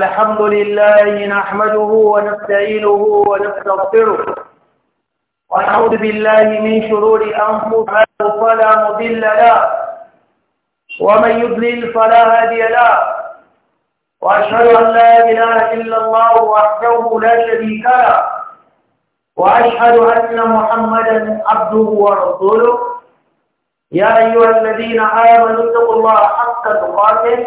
الحمد لله نحمده ونستعينه ونستغفره ونعوذ بالله من شرور أنفسنا فلا مضل له ومن يضلل فلا هادي له وأشهد أن لا إله إلا الله وحده لا شريك له وأشهد أن محمدا عبده ورسوله يا أيها الذين آمنوا اتقوا الله حق تقاته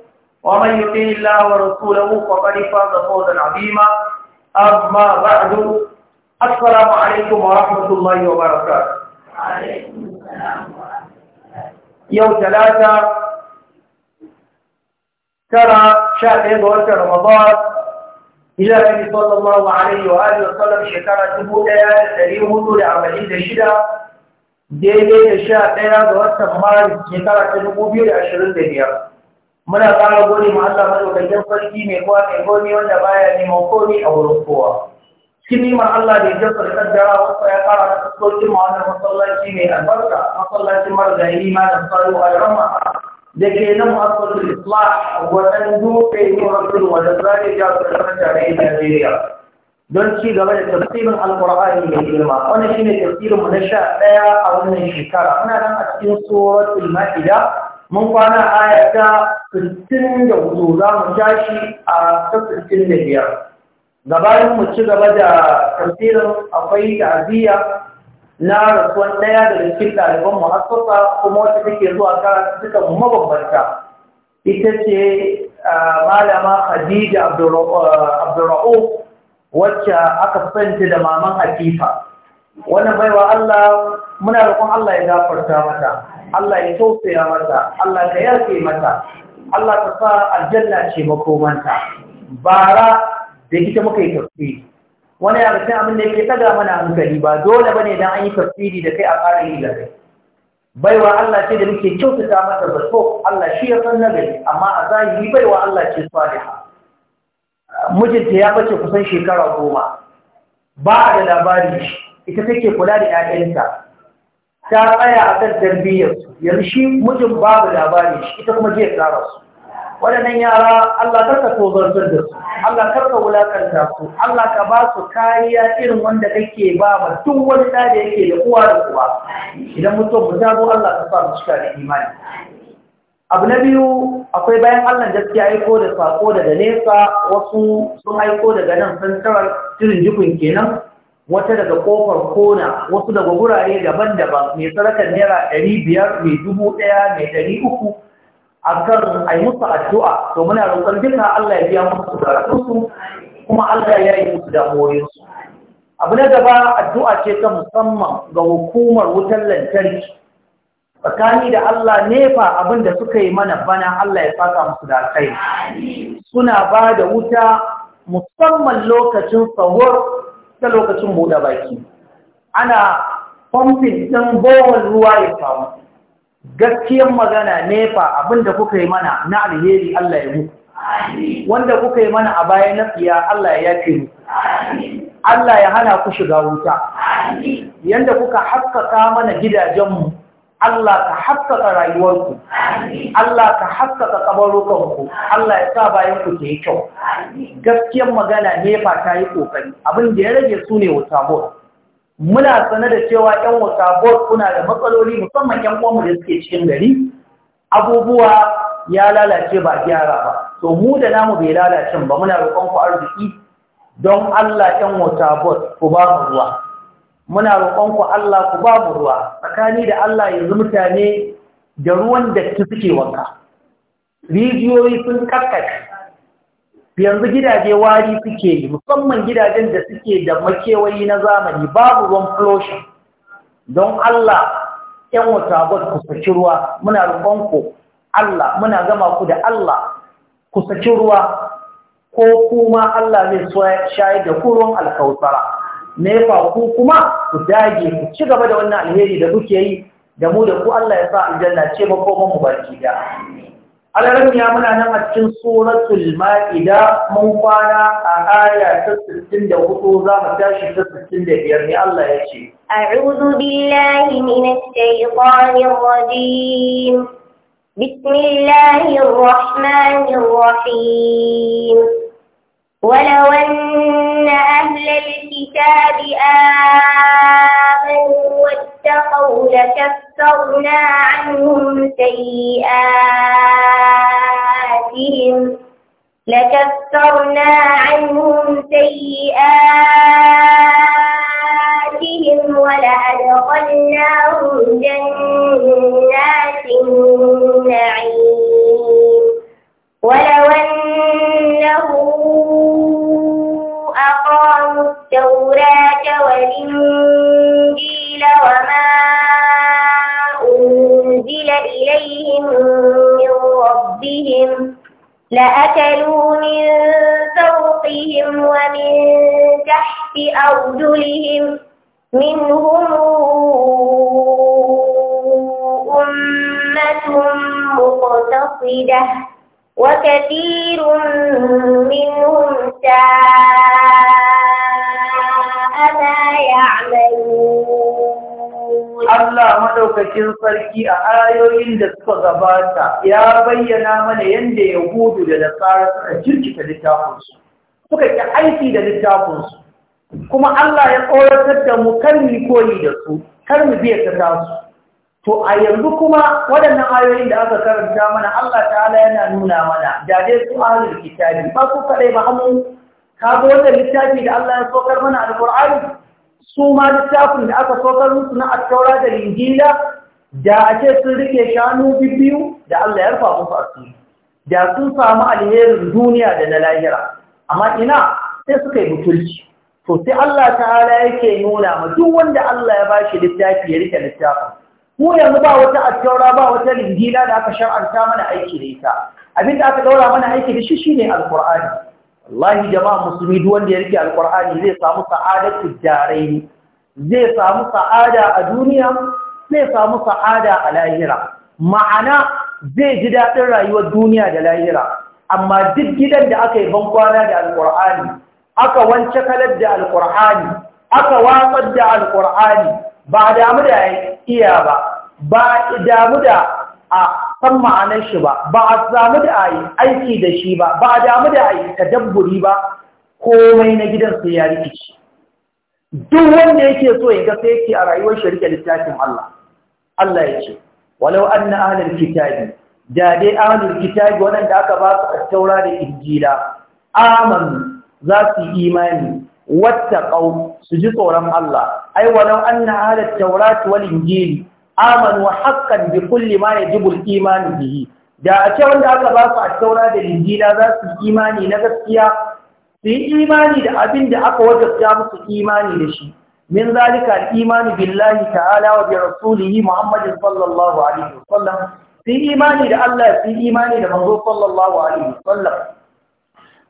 ومن يطيع الله ورسوله فقد فاز فوزا عظيما أما بعد السلام عليكم ورحمة الله وبركاته وعليكم السلام ورحمة الله يوم ثلاثة ترى شهر رمضان إلى النبي صلى الله عليه وآله وسلم شكرا تبودا تريمه لعملين دشدا daidai da sha ɗaya ga watan maris shekara ta dubu biyu da ashirin da biyar muna fara gode ma Allah madaukakin sarki mai kowa mai gomi wanda baya neman komi a wurin kowa cikin ma Allah da ya jefa da wasu ya fara da fuskokin ma wannan masallaci mai albarka masallacin marigayi ma da faru a rama da ke nan masallacin islah wajen dutse yi rasul wajen zare ja su da kan Najeriya don ci gaba da tafsirin alkur'ani mai girma wannan shine tafsirin mu na sha ɗaya a wannan shekara muna nan a cikin suratul ilma'ida mun kwana aya ta 64 za mu tashi a ta 65 gabanin mu ci gaba da tafsirin akwai ta'aziyya na rasuwan ɗaya da cikin ɗaliban muhassasa kuma wata take zuwa ta duka mabambanta ita ce malama Khadija Abdurra'u wacce aka fanta da maman Hatifa wannan baiwa Allah muna roƙon Allah ya gafarta mata Allah ya tausaya mata Allah ka yarke mata Allah ka sa aljanna ce makomanta bara da ita muka yi tafsiri wani ya cikin abin da yake taga mana hankali ba dole bane dan an yi tafsiri da kai a fara yi da baiwa Allah ce da muke kyautata mata so Allah shi ya san nagari amma a zahiri baiwa Allah ce saliha mijinta ya bace kusan shekara goma ba a da labari ita take kula da 'ya'yanta ta tsaya a kan tarbiyyar su yanzu shi mijin babu labari shi ita kuma jiya tsara su waɗannan yara Allah karka zartar da su Allah karka wulakanta su Allah ka ba su kariya irin wanda kake ba ma duk wani ɗa da yake da uwa da uwa idan mutum mu zo Allah ka sa mu cika da imani abu na biyu akwai bayan Allah gaskiya aiko da sako daga nesa wasu sun aiko daga nan santarar jirin jikun kenan wata daga kofar kona wasu daga gurare daban-daban mai sarakar naira ɗari biyar mai dubu ɗaya mai ɗari uku a kan a yi musu addu'a to muna roƙon duka Allah ya biya musu karatunsu kuma Allah ya yi musu damuwarsu. abu na gaba addu'a ce ta musamman ga hukumar wutar lantarki tsakani da Allah nefa abin da suka yi mana bana Allah ya saka musu da kai suna ba da wuta musamman lokacin sahur ta lokacin buɗe baki ana pumping ɗin bowar ruwa ya samu gaskiyar magana nefa abinda kuka yi mana na alheri Allah ya muku wanda kuka yi mana a baya na Allah ya yafe mu Allah ya hana ku shiga wuta yanda kuka haskaka mana gidajenmu Allah ka haskaka rayuwarku Allah ka haskaka kabarukanku Allah ya sa bayan ku yi kyau gaskiyar magana nefa ta yi ƙoƙari. abin da ya rage su ne wasabot muna sane da cewa 'yan wata wasabot kuna da matsaloli musamman yan uwanmu da suke cikin gari abubuwa ya lalace ba gyara ba to mu da namu bai lalace ba muna roƙon ku arziki don Allah 'yan wata-bot ku ba mu ruwa muna roƙonku Allah ku ba mu ruwa tsakani da Allah yanzu mutane da ruwan da suke wanka rijiyoyi sun kakkace yanzu gidaje wari suke yi musamman gidajen da suke da makewayi na zamani babu ruwan flushin don Allah ‘yan wata ku saki ruwa muna rubanku Allah muna gama ku da Allah ku saki ruwa ko kuma Allah zai shayar da ku ruwan alkautara nefa ku kuma ku dage ku ci gaba da wannan alheri da kuke yi da mu da ku Allah ya sa aljanna ce makoman mu baki da alaran ya muna nan a cikin suratul maida mun kwana a aya ta 64 za mu tashi ta 65 ne Allah ya ce a'udhu billahi minash shaitanir rajim bismillahir rahmanir rahim ولو أن أهل الكتاب آمنوا واتقوا لكفرنا عنهم سيئاتهم لكفرنا عنهم سيئاتهم ولأدخلناهم جنات النعيم ولو أن له أقاموا التوراة والإنجيل وما أنزل إليهم من ربهم لأكلوا من فوقهم ومن تحت أرجلهم منهم أمة مقتصدة وكثير منهم ساء ما يعملون الله مدوكاكين sarki a ayoyin da suka gabata ya bayyana mana yadda ya yahudu da nasara suka jirkita littafinsu suka ki aiki da littafinsu kuma Allah ya tsoratar da mu kar koli da su kar mu biya ta su To a yanzu kuma waɗannan ayoyin da aka karanta mana Allah ta'ala yana nuna mana da dai su ahlul kitabi ba su kaɗai ba hamu kaga wannan littafi da Allah ya sokar mana alqur'ani su ma littafin da aka sokar musu na attaura da injila da a ce sun rike shanu biyu da Allah ya rufa musu asiri da sun samu alherin duniya da na lahira amma ina sai suka yi butulci to sai Allah ta'ala yake nuna ma duk wanda Allah ya bashi littafi ya rike littafin mu yanzu ba wata attaura ba wata lingila da aka shar'anta mana aiki da ita abin da aka daura mana aiki da shi shine alqur'ani wallahi jama'a musulmi duk wanda ya rike alqur'ani zai samu sa'adatu daraini zai samu sa'ada a duniya zai samu sa'ada a lahira ma'ana zai ji dadin rayuwar duniya da lahira amma duk gidan da aka yi bankwana da alqur'ani aka wance kalar da alqur'ani aka watsar da alqur'ani ba damu da iya ba ba a damu da a san ma'anar shi ba ba a samu da a yi aiki da shi ba ba a damu da a yi tadabburi ba komai na gidan sai ya rikici duk wanda yake so ya ga sai yake a rayuwar shi rike littafin Allah Allah ya ce walau anna ahlul kitabi da dai ahlul kitabi wanda aka ba su taura da injila aman za su imani ƙau su ji tsoron Allah ai walau na ahlul tawrat wal injili amanu haqqan bi kulli ma yajibu al-iman bihi da a ce wanda aka ba su at-taura da injila za su yi imani na gaskiya su yi imani da abin da aka wajabta musu imani da shi min zalika al-imani billahi ta'ala wa bi rasulihi muhammadin sallallahu alaihi wa Sallam? su yi imani da Allah su yi imani da manzo sallallahu alaihi wa Sallam.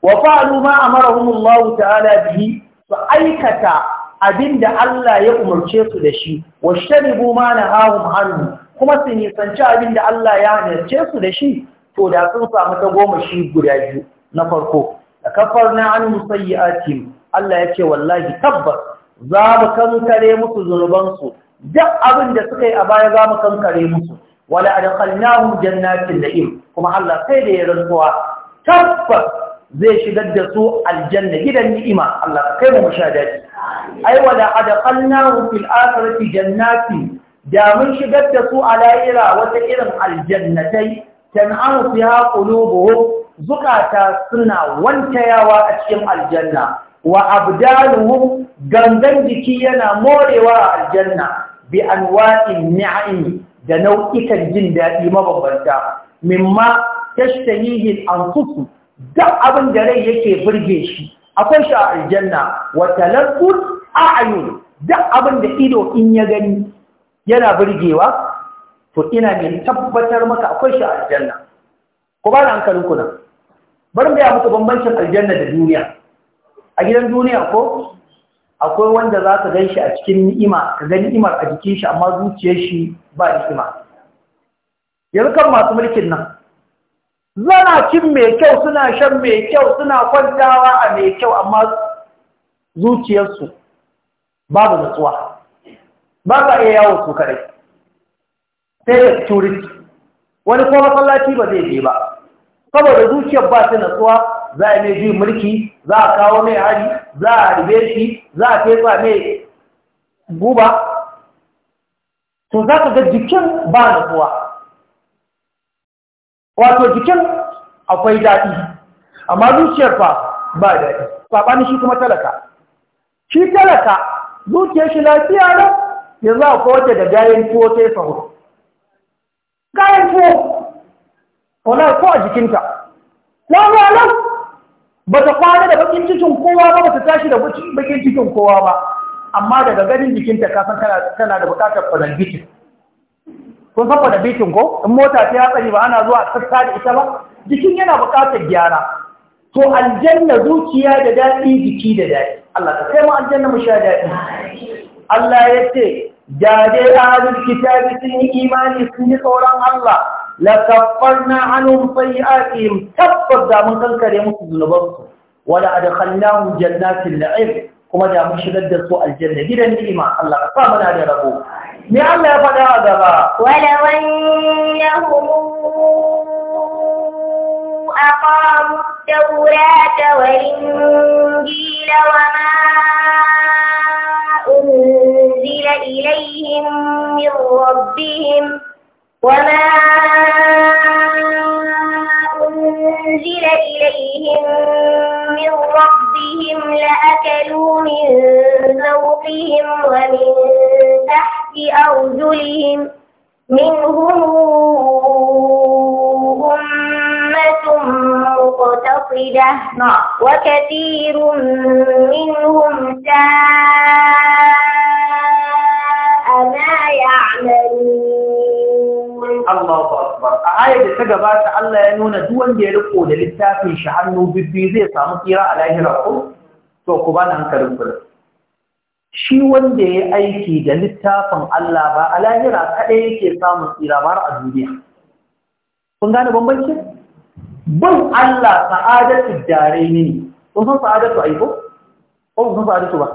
wa fa'alu ma amarahum Allah ta'ala bihi su aikata Abin da Allah ya umarce su da shi washtanibu na nahahum hannu, kuma su nisanci abin da Allah ya umarce su da shi to da sun samu ta goma shi guda biyu na farko da kafar na an musayyatim Allah ya ce wallahi tabbas za mu kankare musu zunubansu duk abin da suka yi a baya za mu kankare musu wala adkhalnahum jannatin na'im kuma Allah sai da ya rantsuwa tabbas zai shigar da su aljanna gidan ni'ima Allah ka kai mu shadadi ai wala adqalnahu fil akhirati jannati da mun shigar da su a lahira wata irin aljannatai tan'amu fiha qulubuhum zukata suna wantayawa a cikin aljanna wa abdaluhum gangan jiki yana morewa a aljanna bi anwa'in ni'am da nau'ikan jin dadi mabambanta mimma tashtahihil anfusu duk abin da rai yake burge shi akwai shi a aljanna wa talaqqul a'yun duk abin da ido in ya gani yana burgewa to ina mai tabbatar maka akwai shi a aljanna ku ba da hankalin ku nan bari mu ya muku bambancin aljanna da duniya a gidan duniya ko akwai wanda za ka gan shi a cikin ni'ima ka gani ni'imar a jikin shi amma zuciyar shi ba ni'ima yanzu kan masu mulkin nan zana cin mai kyau suna shan mai kyau suna kwantawa a mai kyau amma zuciyarsu babu nutsuwa ba ka iya yawon su kare sai da security wani kuma masallaci ba zai je ba saboda zuciyar ba ta nutsuwa za a mai jin mulki za a kawo mai hari za a harbe shi za a fesa mai guba to za ka ga jikin ba nutsuwa wato jikin akwai daɗi amma zuciyar fa ba daɗi Faɓani shi kuma talaka shi talaka zuciyar shi lafiya ne za akwai wadda da gayen tuwo sai sauro gayen tuwo wala ko a jikinta Wani nan ba ta kwana da bakin cikin kowa ba ba ta tashi da bakin cikin kowa ba amma daga ganin jikinta kasan tana da bukatar jikin kun san bikin ko in mota ta hatsari ba ana zuwa sassa da ita ba jikin yana buƙatar gyara to aljanna zuciya da daɗi jiki da daɗi Allah ta kai mu aljanna mu sha daɗi Allah ya ce da dai kitabi sun yi imani sun yi tsoron Allah la kaffarna anhum sayi'atihim tabbas da mun kankare musu zunubansu wala adkhalnahum jannatin na'im kuma da mun shigar da su aljanna gidan ni'ima Allah ka sa muna da rabo Me Allah ya faɗa a gaba. Walaw annahum aqamu at-taurata wal injila wama unzila ilayhim min rabbihim wama أنزل إليهم من ربهم لأكلوا من فوقهم ومن تحت أرجلهم منهم أمة مقتصدة وكثير منهم ساء ما يعملون Allahu Akbar a ayar da ta gabata Allah ya nuna duk wanda ya riko da littafin shi hannu bibbi zai samu tsira a lahira ko to ku bani hankalin ku shi wanda ya aiki da littafin Allah ba a lahira kadai yake samun tsira ba a duniya kun gane bambanci bin Allah sa'adatu dare ne kun san sa'adatu aiko ko kun san sa'adatu ba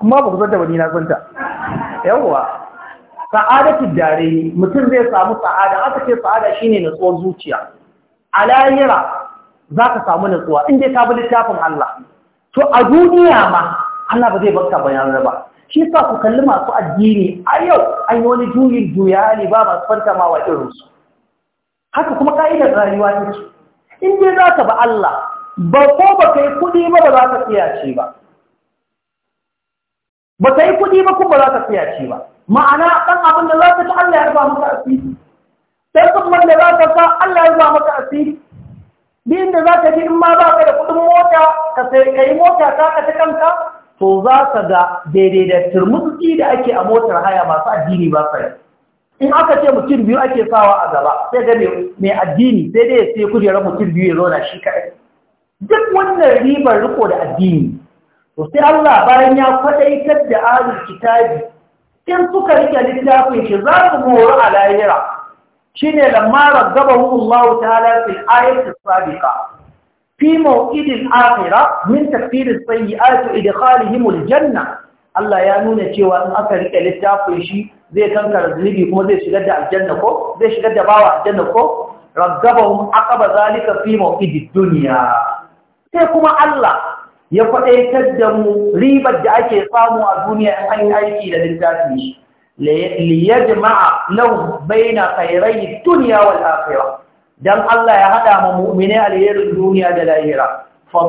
kuma ba ku san ta ba ni na san yawwa sa'adatu dare mutum zai samu sa'ada aka ce sa'ada shine nutsuwar zuciya a layira za ka samu natsuwa inda ka bi littafin Allah to a duniya ma Allah ba zai baka bayan ba shi sa ku kalli masu addini a yau an yi wani juyin juya ne ba masu wa irinsu haka kuma ka'idar rayuwa ta ce in dai za ka ba Allah ba ko ba ka yi kuɗi ba ba za ka tsiyace ba ba ka yi kuɗi ba ko ba za ka tsiyace ba ma'ana ɗan abin da za ka ci Allah ya raba maka asiri sai kuma da za ka sa Allah ya raba maka asiri duk da za ka ji in ma ba ka da kuɗin mota ka sai ka yi mota ka ka ta kanka to za ka ga daidai da turmutsi da ake a motar haya masu addini ba sa in aka ce mutum biyu ake sawa a gaba sai ga mai addini sai dai ya sai kujerar mutum biyu ya na shi kaɗai duk wannan ribar riko da addini to sai Allah bayan ya kwaɗaitar da alul kitabi in suka rike littafin shi za su moru a lahira shi ne lamara gaba Allah ta'ala fil ayati sabiqa fi mawqidil akhirah min takfir as-sayyi'ati idan al-janna Allah ya nuna cewa in aka rike littafin shi zai kankara zunubi kuma zai shigar da aljanna ko zai shigar da bawa aljanna ko raggabahum aqaba zalika fi mawqidid duniya. sai kuma Allah ya faɗaitar da mu ribar da ake samu a duniya an yi aiki da littafi liyajma'a lahu baina kairai dunya wal akhirah dan Allah ya haɗa ma mu'mini alherin duniya da lahira fa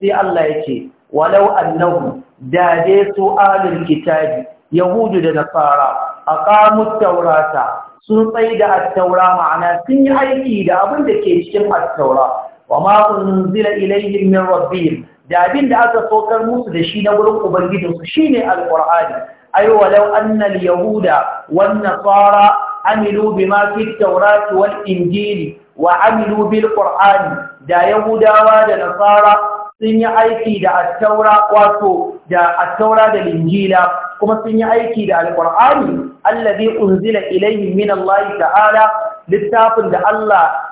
sai Allah yake walau annahu da dai su alul kitabi yahudu da nasara aqamu taurata sun tsaida da attaura, ma'ana sun yi aiki da abin da ke cikin attaura. wa ma unzila ilayhim min rabbihim da abin da aka sokar musu da shi na gurin ubangijinsu shine alqur'ani ayo walau anna al-yahuda wan nasara amilu bima fi at-taurati wal injili wa amilu bil qur'ani da yahudawa da nasara sun yi aiki da at-taura wato da at-taura da injila kuma sun yi aiki da alƙur'ani allazi unzila ilayhi min Allah ta'ala littafin da Allah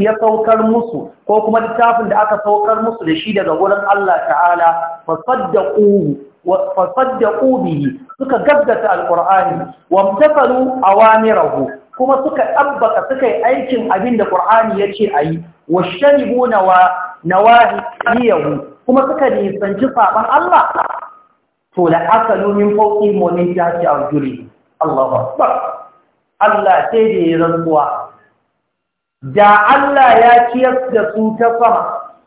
ya saukar musu ko kuma littafin da aka saukar musu da shi daga wurin Allah ta'ala fasaddaquhu wa bihi suka gaggata alqur'ani wamtakalu awamirahu kuma suka tabbata suka yi aikin abin da qur'ani yace ayi washanibu nawa nawahiyahu kuma suka nisanci saban Allah to la akalu min fawqi mu'min arjuli Allahu akbar Allah sai da rantsuwa da Allah ya ciyar da su ta sama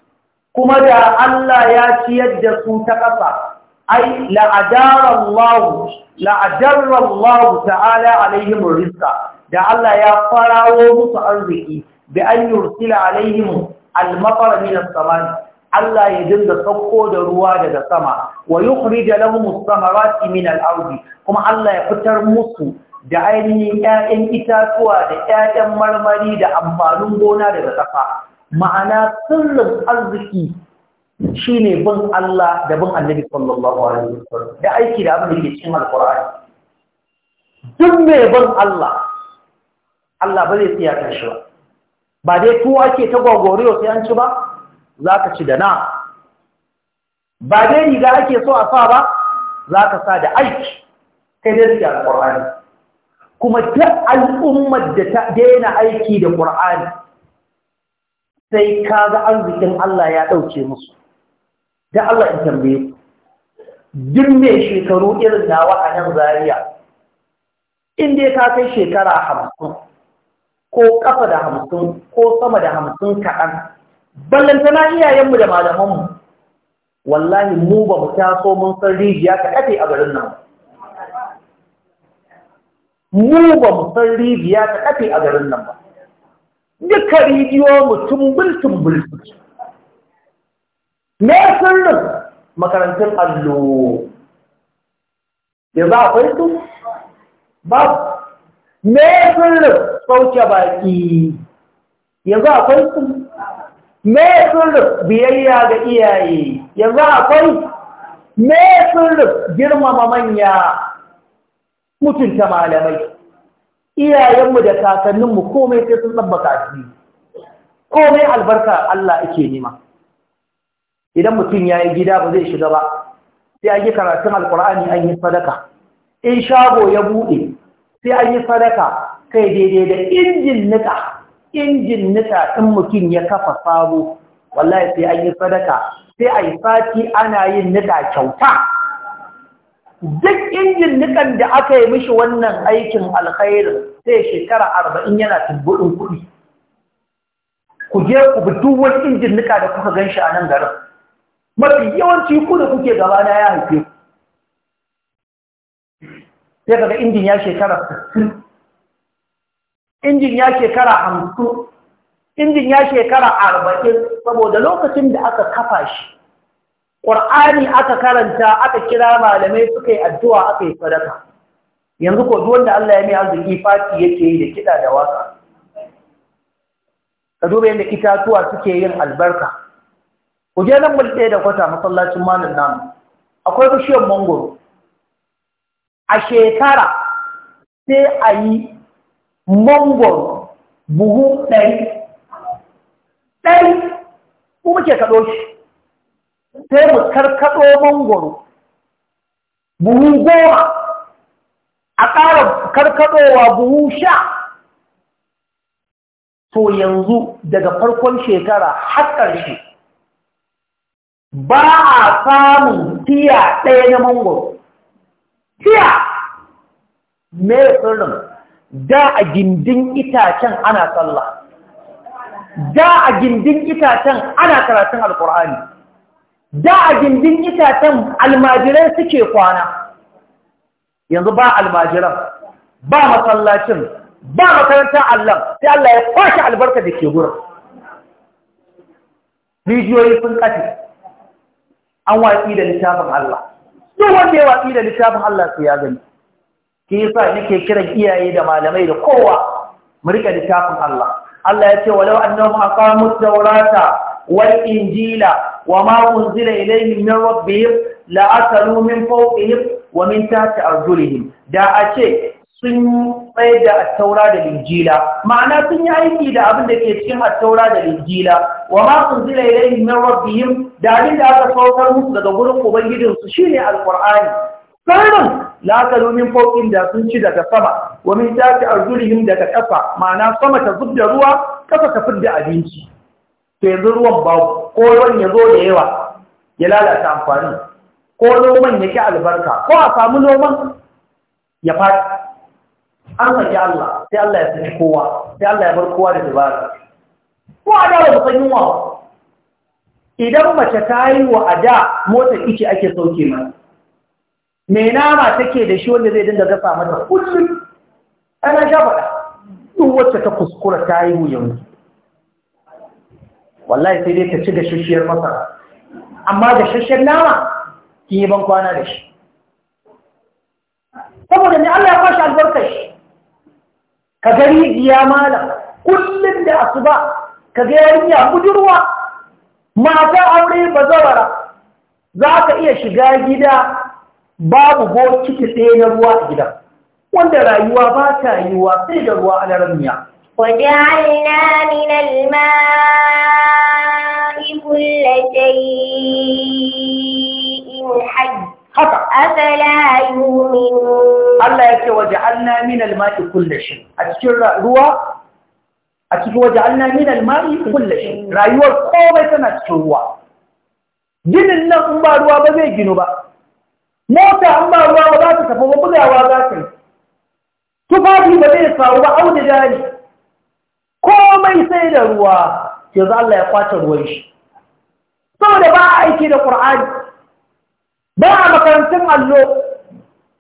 kuma da Allah ya ciyar da su ta ƙasa ai la'adarallahu la'adarallahu ta'ala alaihim rizqa da Allah ya farawo musu arziki bi an yursila alaihim al-matar min as-samai Allah ya dinga sauko da ruwa daga sama wa yukhrij lahum as-samarati min al-ardi kuma Allah ya fitar musu da ainihin ‘ya'yan itatuwa da ‘ya'yan marmari da amfanin gona daga ƙasa ma'ana sirrin arziki shi ne bin Allah da bin annabi sallallahu alaihi wasallam da aiki da abin da ke cikin alkur'ani duk mai bin Allah Allah ba zai tsaya kan shi ba ba dai tuwo ake ta gwagwariyo sai an ci ba za ka ci da na ba dai riga ake so a sa ba za ka sa da aiki kai dai da alkur'ani kuma ta al'ummar da ta daina aiki da ƙur'ani sai kaga ga arzikin Allah ya ɗauke musu da Allah in tambaye ku duk mai shekaru irin nawa a nan zariya in dai ka kai shekara hamsin ko ƙafa da hamsin ko sama da hamsin kaɗan ballantana iyayenmu da malamanmu wallahi mu ba mu taso mun san rijiya ka ɗafe a garin nan mu ba mu san rijiya ta kafe a garin nan ba duka rijiyo mu tumbul tumbul me sirrin makarantun allo yanzu akwai su ba me sirrin sauke baki yanzu akwai su me sirrin biyayya ga iyaye ya a akwai me sirrin girmama manya mutunta malamai iyayenmu da kakanninmu komai sai sun tsabbaka addini komai albarka Allah ake nema idan mutum ya yi gida ba zai shiga ba sai an yi karatun alkur'ani an yi sadaka in shago ya buɗe sai an yi sadaka kai daidai da injin nika injin nika in mutum ya kafa sabo wallahi sai an yi sadaka sai a yi sati ana yin nika kyauta duk injin nikan da aka yi mishi wannan aikin alkhairin sai shekara arba'in yana tumbudin kuɗi ku je ku bi duk wani injin nika da kuka gan shi a nan garin mafi yawanci ku da kuke gaba na ya haife ku sai kaga injin ya shekara 60 injin ya shekara 50 injin ya shekara 40 saboda lokacin da aka kafa shi ƙur'ani aka karanta aka kira malamai suka yi addu'a aka yi sadaka yanzu ko duk wanda Allah ya mai arziki fati yake yi da kiɗa da waka ka duba yadda itatuwa suke yin albarka ku je nan mulɗe da kwata masallacin malam namu akwai bishiyar mangoro a shekara sai a yi mangoro buhu ɗari ɗari ko muke kaɗo shi sai mu karkaɗo mangoro buhu goma a ƙara karkaɗowa buhu sha to yanzu daga farkon shekara har ƙarshe ba a samun tiya ɗaya na mangoro tiya mai tsirrin da a gindin itacen ana sallah da a gindin itacen ana karatun alkur'ani da a gindin itacen almajiran suke kwana yanzu ba almajiran ba masallacin ba makarantar Allah sai Allah ya kwashe albarka da ke gura. rijiyoyi sun kafe an watsi da littafin Allah duk wanda ya watsi da littafin Allah su ya gani ke yasa nake kiran iyaye da malamai da kowa mu rika littafin Allah Allah ya ce walau annahum da wurata والإنجيل وما أنزل إليهم من ربهم لأكلوا من فوقهم ومن تحت أرجلهم دا أشيء sun da taura da linjila ma'ana sun yi aiki da abin da ke cikin attaura da linjila wa ma sun zira ilayhi min rabbihim da abin da aka saukar musu daga gurin ubangijin su shine alqur'ani sannan la kalu min fawqin da sun ci daga sama wa min tahti arjulihim daga kafa ma'ana sama ta zubda ruwa kafa ta fidda abinci to yanzu ruwan ba ko ruwan ya zo da yawa ya lalata amfani ko noman ya ki albarka ko a samu noman ya faɗi an saki Allah sai Allah ya saki kowa sai Allah ya bar kowa da dabara ko a da ba san yunwa idan mace ta yi wa a da motar ice ake sauke ma. Me nama take da shi wanda zai dinga gasa mata kullum ana sha faɗa duk wacce ta kuskura ta yi yanzu wallahi sai dai ta ci gashashiyar masara amma gashashiyar nama kin yi bankwana da shi saboda ne Allah ya bashi albarkar shi ka gari ya malam kullum da asuba ka ga yarinya budurwa mata aure bazawara za ka iya shiga gida babu bokiti ɗaya na ruwa a gida. wanda rayuwa ba ta yiwa sai da ruwa a laramiya وجعلنا من الماء كل شيء حي أفلا يؤمنون الله يكي وجعلنا من الماء كل شيء أتشير روى أتشير وجعلنا من الماء كل شيء رأيوا القوة تنشروا جنن نا ان ba ruwa ba zai ginu ba mota an ba ruwa ba za ta tafi ba komai sai da ruwa yanzu Allah ya kwace ruwan shi saboda ba a aiki da Kur'ani, ba a makarantun allo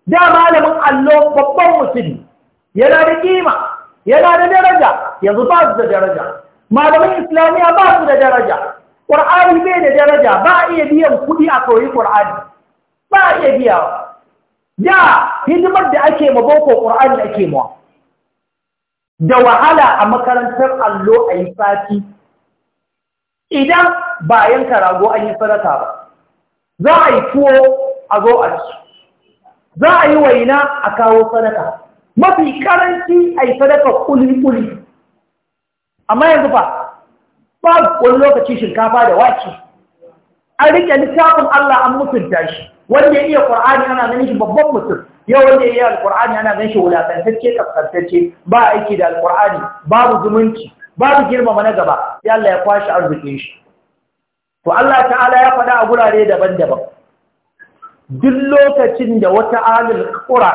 da malamin allo babban mutum yana da kima yana da daraja yanzu ba su da daraja malamin islamiyya ba su da daraja ƙur'ani bai da daraja ba a iya biyan kuɗi a koyi Kur'ani, ba a iya biya da hidimar da ake ma boko ƙwar'ani ake mawa da wahala a makarantar allo a yi sati idan bayan karago an yi sadaka ba za a yi tuwo a zo a ci za a yi waina a kawo sadaka mafi karanci a yi sadaka kuli-kuli amma yanzu ba ba wani lokaci shinkafa da wake an rike littafin Allah an mutunta shi wanda ya iya qur'ani ana ganin shi babban mutum yau wanda ya iya alqur'ani ana ganin shi wulatantacce kaskantacce ba aiki da alqur'ani babu zumunci babu girmama na gaba sai Allah ya kwashi arzikin shi to Allah ta'ala ya faɗa a gurare daban-daban duk lokacin da wata alil qura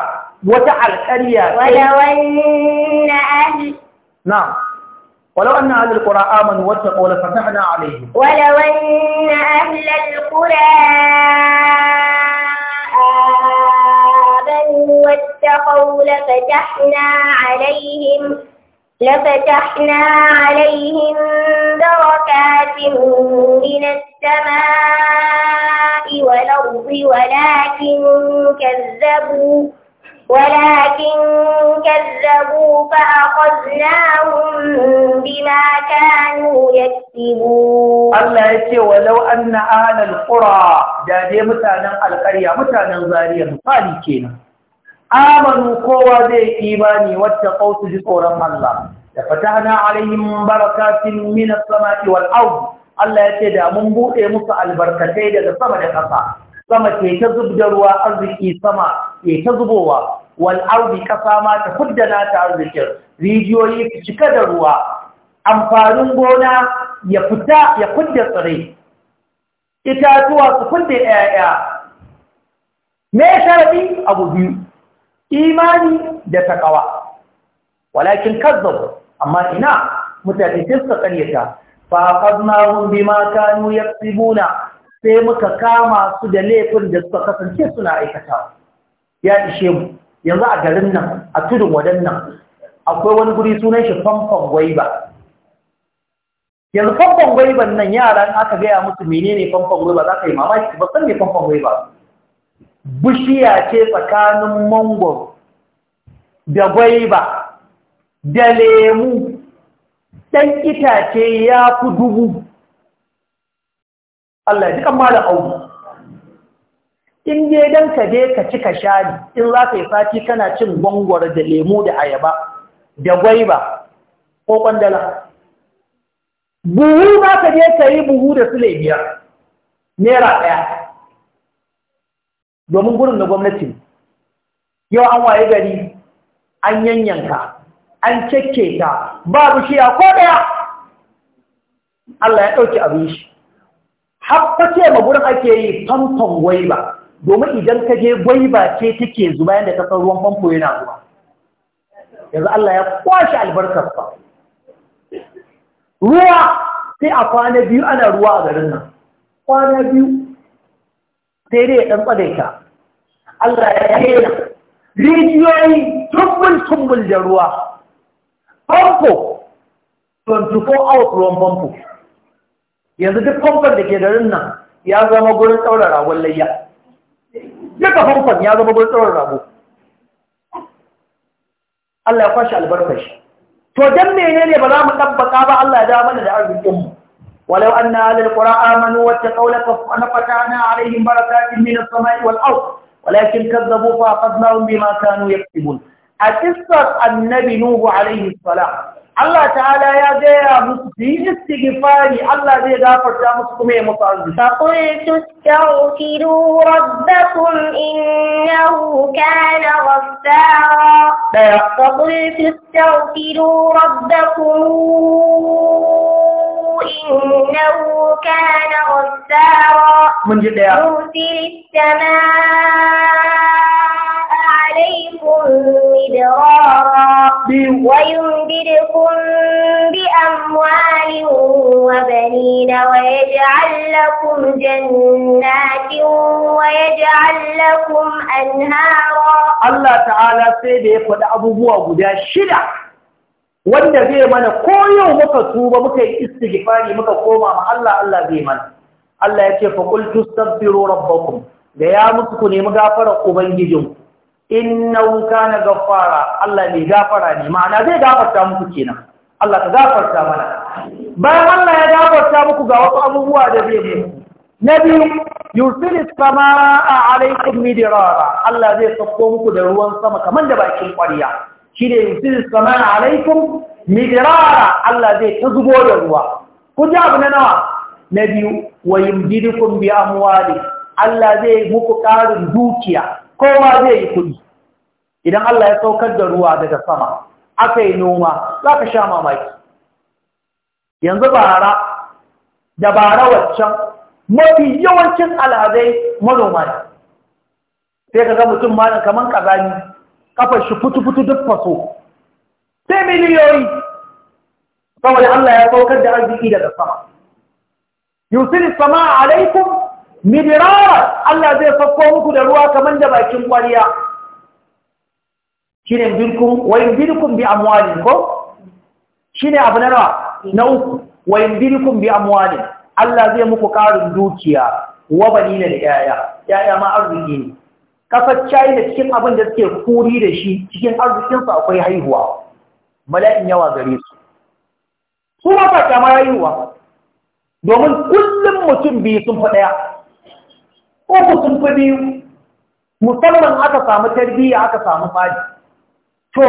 wata alƙarya na'am ولو أن أهل القرى آمنوا واتقوا لفتحنا عليهم ولو أن أهل القرى لفتحنا عليهم لفتحنا عليهم بركات من السماء والأرض ولكن كذبوا ولكن كذبوا فأخذناهم بما كانوا يكسبون الله يتي ولو أن أهل القرى دادي متانا القرية متانا زارية مصالي كينا amanu kowa zai imani wacce kawsu ji tsoron Allah da fatahna alaihim barakatin min as-sama'i wal ard Allah ce da mun bude musu albarkatai daga sama da ƙasa sama ke ta zubda ruwa arziki sama ke ta zubowa wal ard ƙasa ma ta fudda ta arzikin rijiyoyi su cika da ruwa amfanin gona ya fita ya fudda tsare itatuwa su fudda 'ya'ya. me sharadi abu biyu imani da takawa walakin kazzab amma ina mutane sai suka karyata fa aqadnahum bima kanu yaktibuna sai muka kama su da laifin da suka kasance suna aikata ya ishe mu yanzu a garin nan a tudun wadannan akwai wani guri sunan shi famfon gwaiba yanzu famfon gwaiban nan yaran aka gaya musu menene famfon gwaiba za ka yi mamaki ba san me famfon gwaiba bishiya ce tsakanin mangoro da gwaiba da lemu ɗan itace ya fi dubu Allah ya kan mara auku in je don ka je ka ci ka shari in za ka yi fati kana cin gwangwar da lemu da ayaba da gwaiba ko ƙwandala buhu za ka je ka yi buhu da su biyar naira ɗaya domin gurin na gwamnati yau an waye gari an yanyanka an cike ta ba bishiya ko daya Allah ya ɗauki abin shi haffa ce ma gurin ake yi famfon gwaiba domin idan ka je gwaiba ce take zuba yadda ta ruwan famfo yana zuwa yanzu Allah ya kwashe albarkar ba ruwa sai a kwana biyu ana ruwa a garin nan kwana biyu sai dai ya ɗan tsagaita Allah ya daina rijiyoyi tumbul-tumbul da ruwa famfo 24 hours ruwan famfo yanzu duk famfon da ke garin nan ya zama gurin tsaurar ragon layya duka famfon ya zama gurin tsaurar rago Allah ya kwashe albarkashi to don menene ba za mu ɗabbaka ba Allah ya da mana da arzikinmu ولو أن أهل القرى آمنوا واتقوا لفتحنا عليهم بركات من السماء والأرض ولكن كذبوا فأخذناهم بما كانوا يكسبون أقصة النبي نوح عليه الصلاة Allah ta'ala ya gaya musu su yi istighfari Allah zai gafarta musu kuma ya musu arziki فقلت استغفروا ربكم إنه كان غفارا فقلت استغفروا ربكم إنه كان غفارا مرسل السماء إبرارا ويمددكم بأموال وبنين ويجعل لكم جنات ويجعل لكم أنهارا الله تعالى سيدي قد أبوه guda shida wanda zai mana ko yau muka tuba muka yi istighfari muka koma ma Allah Allah zai mana Allah ya ce fa qul tastaghfiru rabbakum da ya mutu ku nemi gafarar ubangijinku innahu kana ghaffara Allah ne gafara ne ma'ana zai gafarta muku kenan Allah ka gafarta mana bayan Allah ya gafarta muku ga wasu abubuwa da zai yi na biyu yursilis a alaikum midrara Allah zai sako muku da ruwan sama kamar da bakin ƙwarya shine yursilis a alaikum midrara Allah zai ta zubo da ruwa ku ji abu na nawa na biyu wa yumdidukum bi amwali Allah zai muku ƙarin dukiya kowa zai yi kuɗi idan Allah ya saukar da ruwa daga sama aka yi noma za ka sha mamaki yanzu bara da bara waccan mafi yawancin al'adai manoma ne sai ka ga mutum malam kamar kazani kafar shi fitu-fitu duk faso sai miliyoyi saboda Allah ya saukar da arziki daga sama yusuf sama alaikum midirara Allah zai sauko muku da ruwa kamar da bakin kwariya shine yumdidkum wa yumdidkum bi amwalin ko shine abu na nawa na uku wa yumdidkum bi amwalin Allah zai muku karin dukiya wa banina da yaya yaya ma arziki ne kafar China cikin abin da suke kuri da shi cikin arzikinsu akwai haihuwa mala'in yawa gare su su ba ta kama haihuwa domin kullum mutum biyu sun fi ɗaya uku sun fi biyu musamman aka samu tarbiyya aka samu fadi to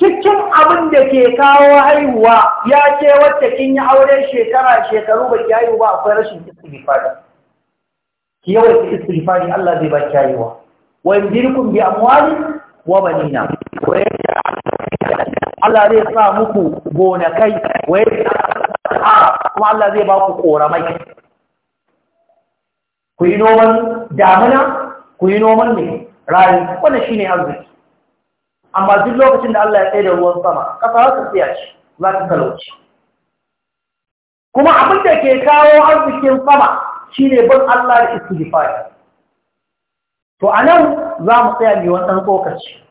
cikin abin da ke kawo haihuwa ya ce wacce kin yi aure shekara shekaru ba ki haihu ba akwai rashin istighfari ki yawaita istighfari Allah zai ba ki haihuwa wa yumdirukum bi amwali wa banina Allah zai sa muku gonakai wa kuma Allah zai ba ku koramai ku yi noman damina ku yi noman ne rayu wannan shine arziki amma duk lokacin da Allah ya tsaye da ruwan sama ƙasa za ta tsaya ce za ta talauci kuma abin da ke kawo arzikin sama shine bin Allah da istighfar to anan za mu tsaya ne wannan kokaci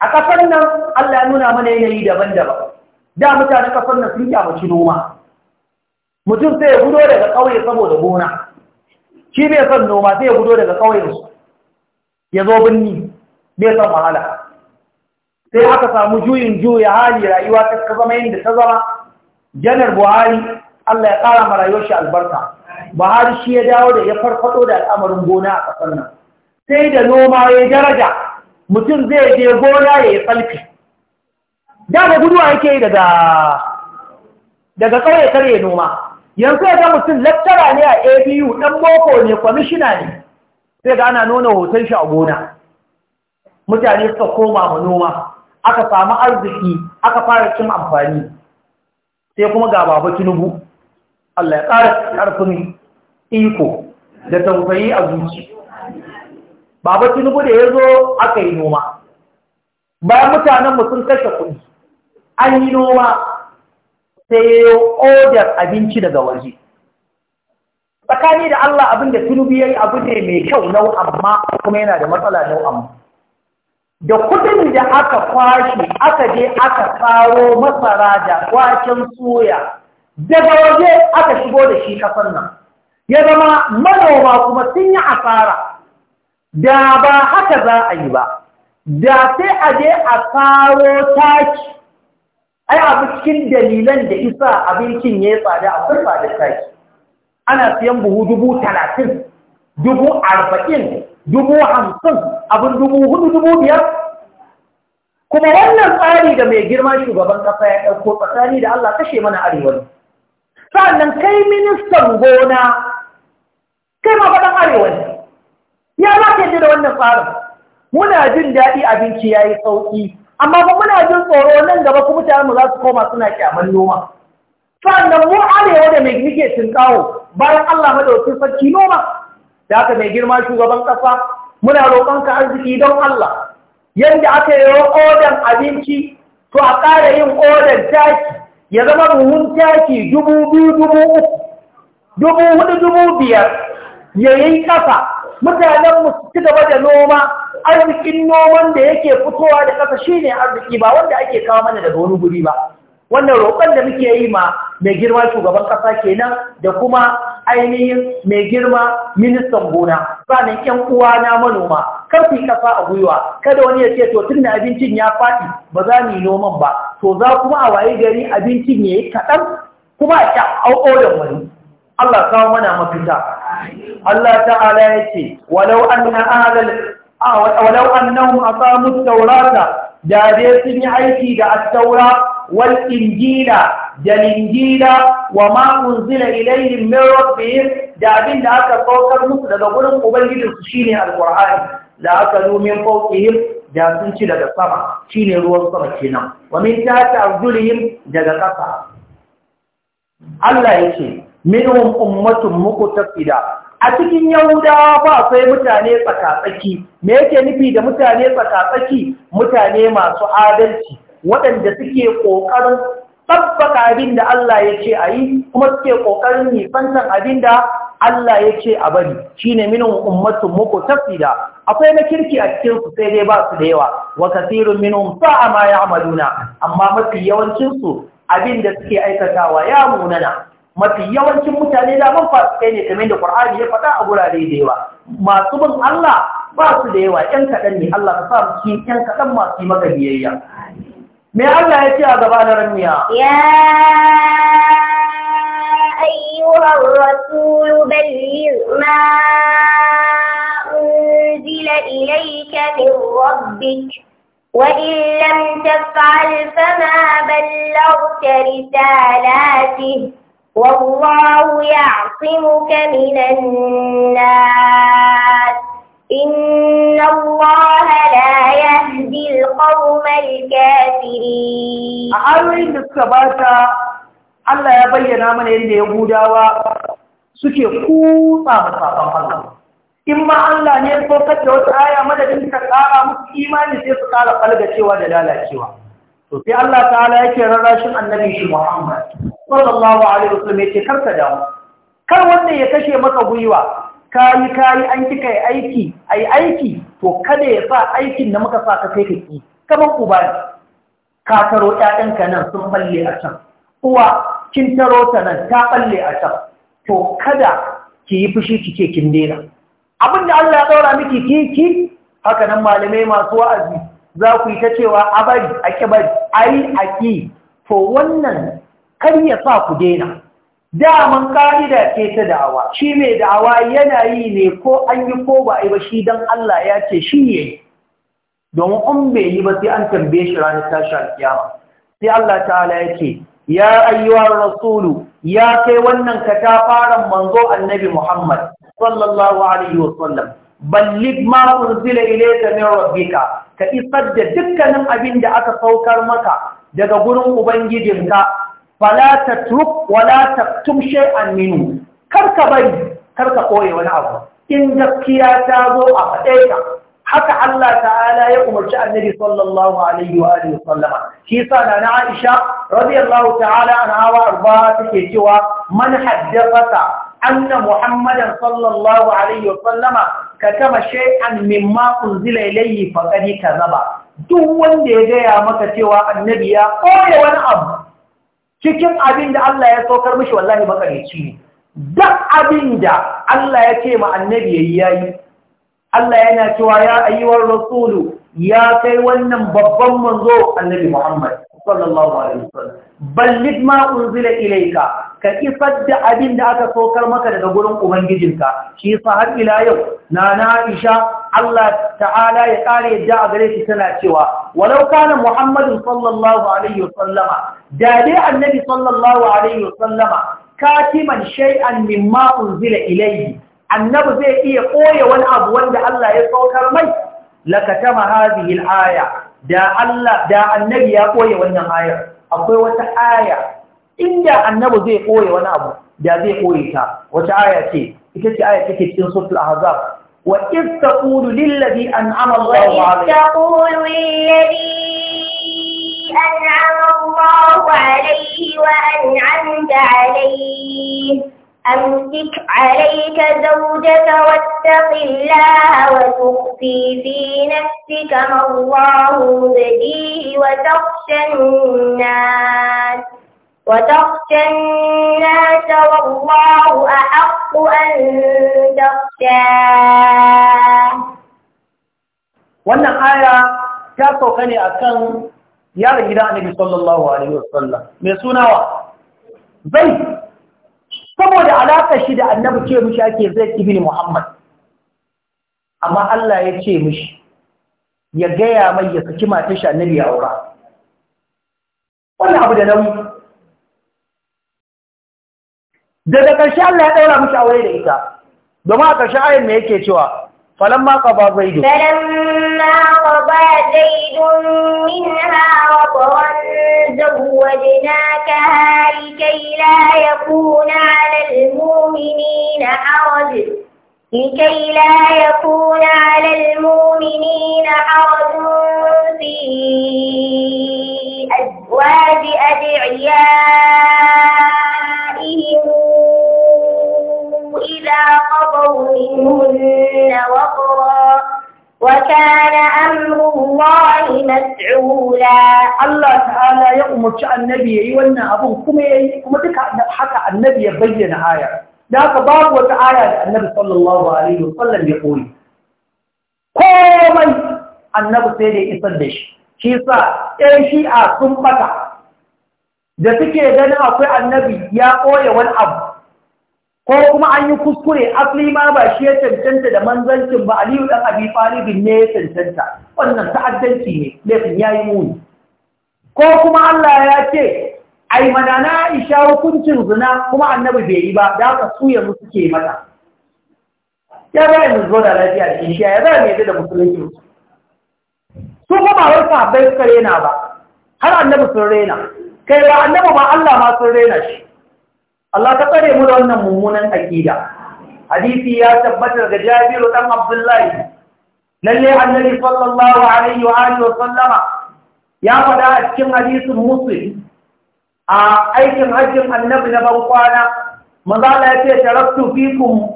a ƙasar nan Allah ya nuna mana yanayi daban-daban da mutane ƙasar nan sun kyamaci noma mutum sai ya gudo daga ƙauye saboda gona shi bai son noma sai ya gudo daga ƙauyensu ya zo birni bai san wahala sai aka samu juyin juya hali rayuwa ta kazama zama yadda ta zama janar buhari allah ya kara ma rayuwar shi albarka buhari shi ya dawo da ya farfado da al'amarin gona a ƙasar nan sai da noma ya daraja mutum zai je gona ya yi tsalfi da da guduwa yake daga daga ƙauye karye noma yanzu ya ga mutum lattara ne a abu ɗan boko ne kwamishina ne sai ga ana nuna hoton shi a gona mutane suka koma ma noma aka samu arziki aka fara cin amfani sai kuma ga baba tinubu Allah ya ƙara ƙarfin iko da tausayi a zuci baba tinubu da ya zo aka yi noma bayan mutanenmu sun kashe kuɗi an yi noma sai ya odar abinci daga waje tsakani da Allah abin da tunubi ya yi abu ne mai kyau nau amma kuma yana da matsala nau da kudin da aka kwashe aka je aka kawo masara da waken soya daga waje aka shigo da shi kasar nan ya zama manoma kuma sun yi asara da ba haka za a yi ba da sai a je a kawo taki ai abu cikin dalilan da isa abincin ya yi tsada a kurfa da taki ana siyan buhu dubu talatin dubu arba'in dubu hamsin abin dubu hudu dubu biyar kuma wannan tsari da mai girma shugaban kasa ya ɗauko tsakani da Allah kashe mana arewa Sannan kai ministan gona kai ma faɗin arewa ne ya za ka yi da wannan tsarin muna jin daɗi abinci ya yi sauƙi amma ba muna jin tsoro nan gaba kuma mutane mu za su koma suna kyaman noma sannan mu arewa da mai muke tunkawo bayan Allah madaukakin sarki noma da aka mai girma shugaban ƙasa muna roƙonka arziki don Allah yadda aka yi odan abinci to a ƙara yin odan taki ya zama buhun taki dubu biyu dubu uku dubu hudu dubu biyar ya yi ƙasa mutanenmu su ci gaba da noma arzikin noman da yake fitowa da ƙasa shi ne arziki ba wanda ake kawo mana daga wani guri ba wannan roƙon da muke yi ma mai girma shugaban ƙasa kenan da kuma ainihin mai girma ministan gona sanin yan uwa na manoma kar ku kasa a gwiwa kada wani ya ce to tun da abincin ya faɗi ba za mu yi noman ba to za kuma a waye gari abincin ya yi kaɗan kuma a ƙi auƙoyon wani Allah kawo mana mafita Allah ta'ala ya ce walau anna ahlal walau annahum taurata da dai sun yi aiki da at-taura والإنجيل da linjira wa ma'un zina ilayin merofin da abin da aka saukar musu daga gurin ubangijinsu shi ne alkur'ani da aka da sun ci daga sama shi ne ruwan sama ce nan wamin ta ta zuliyin daga ƙasa allah ya ce ummatun muku a cikin yahudawa ba sai mutane tsakatsaki me yake nufi da mutane tsakatsaki mutane masu adalci waɗanda suke ƙoƙarin tabbata abin da Allah ya ce a yi kuma suke ƙoƙarin nisantar abin da Allah ya ce a bari shi ne minin umartun muku tafida akwai na kirki a cikinsu sai dai ba su da yawa wa kasirun minum sa'a ma ya amaluna amma mafi yawancinsu abin da suke aikatawa ya munana mafi yawancin mutane da fasu kai ne kamar da Qur'ani ya faɗa a gurare da yawa masu bin Allah ba su da yawa 'yan kaɗan ne Allah ka sa mu ci 'yan kaɗan masu yi maka biyayya me Allah ya ce a gaba na ranniya ya ayyuha rasul balligh ma unzila ilayka min rabbik وإن لم تفعل فما بلغت رسالاته والله يعصمك من الناس إن الله لا A القوم da suka bata, Allah ya bayyana mana yadda Yahudawa suke kutsa masafan Allah. In ma Allah ne ko kace wata aya madadin ka tsara musu imani sai su kara cewa da lalacewa. To sai Allah ta'ala yake rarrashin annabi shi Muhammad sallallahu alaihi wasallam yace karka damu. Kar wanda ya kashe maka gwiwa kayi kayi an kika yi aiki ai aiki to kada ya sa aikin da muka sa ka kai kake kamar uba ka taro ƴaƴanka nan sun balle a can uwa kin taro ta nan ta balle a can to kada ki yi fushi ki ce kin dena abin da Allah ya daura miki ki ki haka nan malamai masu wa'azi za ku yi ta cewa a bari a kibari ai aki to wannan kar ya sa ku dena daman ƙa'ida ke ta da'awa shi mai da'awa yana yi ne ko an yi ko ba a yi ba shi don Allah ya ce shi ne. domin in bai yi ba sai an tambaye shi ranar tashi alkiyama sai Allah ta'ala ya ce ya ayyuwar rasulu ya kai wannan ka ta fara manzo annabi Muhammad sallallahu alaihi wasallam ballib ma unzila ilayka min rabbika ka isar da dukkanin abin da aka saukar maka daga gurin ubangijinka fala tatruk wala taktum shay'an minhu kar ka bari kar ka koye wani abu in gaskiya ta zo a faɗe haka Allah ta'ala ya umarci annabi sallallahu alaihi wa sallama shi yasa nana Aisha radiyallahu ta'ala anha wa arba take cewa man haddatha anna Muhammadan sallallahu alaihi wa sallama katama shay'an mimma unzila ilayhi faqad kazaba duk wanda ya gaya maka cewa annabi ya koya wani abu cikin abin da Allah ya saukar mishi wallahi makareci ne duk abin da Allah ya ce ma annabi yayi yayi Allah yana cewa ya ayyuwar rasulu ya kai wannan babban manzo annabi Muhammad sallallahu alaihi wasallam ballig ma unzila ilayka ka isar da abin da aka sokar maka daga gurin ubangijinka shi yasa har ila yau na na Aisha Allah ta'ala ya kare yadda a gare shi tana cewa walau kana Muhammadu sallallahu alaihi wasallama da dai annabi sallallahu alaihi wasallama katiman shay'an mimma unzila ilayhi annabi zai iya koya wani abu wanda Allah ya saukar mai lakatama hadhihi al-aya da Allah da annabi ya koye wannan ayar akwai wata aya inda annabi zai koye wani abu da zai koye ta wata aya ce ita ce aya take cikin suratul ahzab wa idh taqulu lil ladhi an'ama Allahu alayhi taqulu lil ladhi an'ama Allahu alayhi wa an'amta alayhi أمسك عليك زوجك واتق الله وتخفي في نفسك ما الله مبديه وتخشى الناس وتخشى الناس والله أحق أن تخشاه wannan آية ta كاني ne يا yaron النبي صلى الله عليه وسلم mai sunawa zai saboda alaƙar shi da annabi ce mushi ake zai ibn Muhammad amma Allah ya ce mushi ya gaya mai ya saki matar shi annabi ya aura wannan abu da nauyi daga ƙarshe Allah ya ɗaura mushi aure da ita domin a ƙarshen ayin me yake cewa فلما قضى زيد فلما قضى زيد منها وطرا زوجناكها لكي لا يكون على المؤمنين حرج لكي لا يكون على المؤمنين حرج في أزواج أدعيائهم إذا قضوا منهن وقرا وكان أمر الله مسعولا الله تعالى يأمر النبي يوانا أبوه كما كما حكى النبي يبين آية ذاك باب وتعالى النبي صلى الله عليه وسلم يقول komai annabi sai da isar da shi shi sa ɗan shi'a sun bata da suke ganin akwai annabi ya ɓoye wani abu ko kuma an yi kuskure asali ma ba shi ya cancanta da manzancin ba aliyu dan abi falibin ne ya cancanta wannan ta'addanci ne laifin ya yi muni ko kuma Allah ya ce ai na Aisha hukuncin zina kuma annabi bai yi ba da aka suya musu ke mata ya ba yi zo da lafiya da shi ya ba mai da musulunci su kuma wani sahabbai suka rena ba har annabi sun rena kai ba annabi ba Allah ma sun rena shi Allah ta tsare mu da wannan mummunan aqida hadisi ya tabbata daga Jabir dan Abdullahi lalle annabi sallallahu alaihi wa alihi wa sallama ya faɗa a cikin hadisin Muslim a aikin hajjin annabi na bankwana manzo Allah ya ce taraktu fikum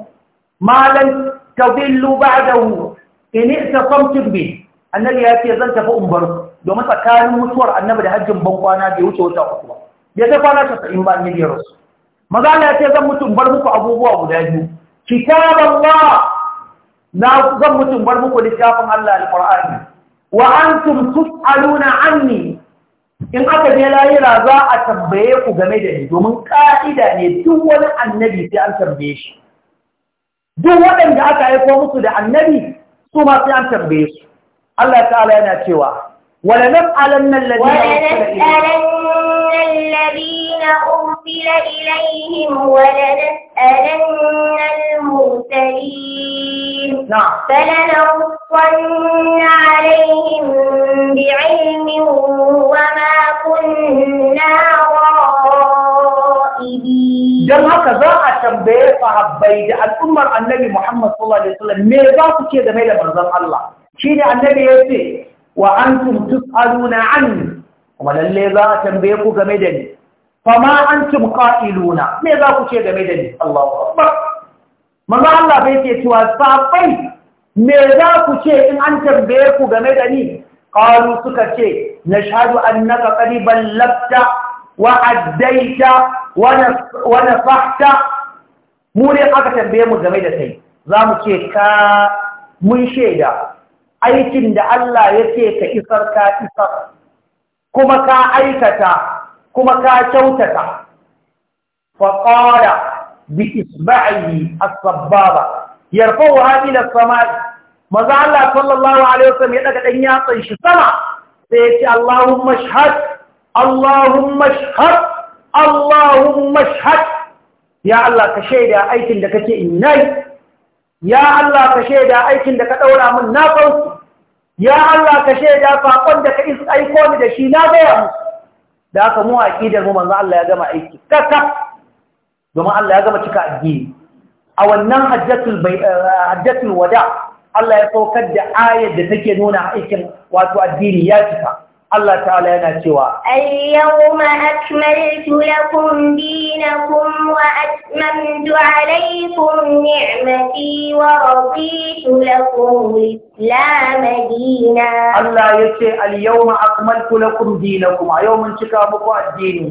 ma lan tadillu ba'dahu in i'tasamtum bi annabi ya ce zan tafi umbar domin tsakanin mutuwar annabi da hajjin bankwana bai wuce wata uku ba ya ta kwana 90 ba annabi ya rasu Mazala ya ce zan mutum bar muku abubuwa guda biyu. Kitab Allah na zan mutum bar muku littafin Allah al-Qur'ani. Wa antum tus'aluna anni in aka je lahira za a tambaye ku game da ni domin ka'ida ne duk wani annabi sai an tambaye shi. Duk waɗanda aka haifo musu da annabi su ma sai an tambaye su. Allah ta'ala yana cewa wala naf'alanna alladhina أرسل إليهم ولنسألن المرسلين نعم فلنقصن عليهم بعلم وما كنا غائبين dan haka za a tambaye sahabbai da al'ummar annabi Muhammad sallallahu alaihi wasallam me za ku ce game da manzon Allah shine annabi ya ce wa antum tus'aluna anni kuma lalle za a tambaye ku game da ni fama an tumka iluna me za ku ce game da ni Allahu akbar manzo Allah bai ce cewa safai me za ku ce in an tambaye ku game da ni qalu suka ce nashhadu annaka qariban labta wa addaita wa nasahta mu ne aka tambaye mu game da kai za mu ce ka mun shaida aikin da Allah ya ka isar ka isar kuma ka aikata kuma ka kyautata faƙara bi isba'ihi a sabbaba yarfa'u ila as-sama'i maza Allah sallallahu alaihi wasallam ya daga ɗan, yatsan shi sama sai ya ce Allahumma mashhad, Allahumma mashhad. Allahumma shahad ya Allah ka shaida aikin da kake in nayi ya Allah ka shaida aikin da ka ɗaura min na farko ya Allah ka shaida faƙon da ka isa aiko ni da shi na gaya musu da aka mu ƙidar mu manzo Allah ya gama aiki kaka domin Allah ya gama cika addini a wannan hajjatul eh, hajjatul wada Allah ya saukar da ayar da take nuna aikin wato addini ya cika Allah ta'ala yana cewa al-yawma akmaltu lakum dinakum wa atmamtu alaykum ni'mati wa raditu lakum al dina Allah yace al-yawma akmaltu lakum dinakum a yau mun cika muku addini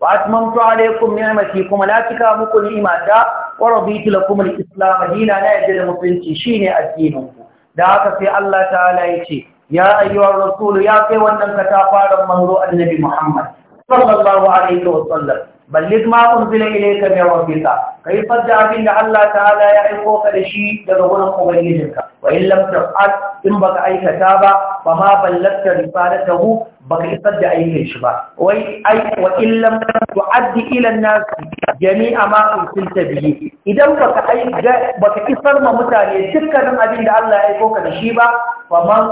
wa atmamtu alaykum ni'mati kuma na cika muku ni'imata wa raditu lakum al-islam dina na yadda mutunci shine addinin ku da haka sai Allah ta'ala yace ya ayyuhar rasul ya kai wannan katafaren manzo annabi Muhammad sallallahu alaihi wa sallam balligh ma unzila ilayka min rabbika kai fadda abin da Allah ta'ala ya aiko ka da shi daga gurin ubangijinka wa in lam taf'al in baka aikata ba fa ma ballagta risalatahu baka isar da aikin shi ba wai ai wa illam tu'addi ila an-nas jami'a ma ursilta bihi idan baka ai baka isar ma mutane dukkanin abin da Allah ya aiko ka da shi ba fa man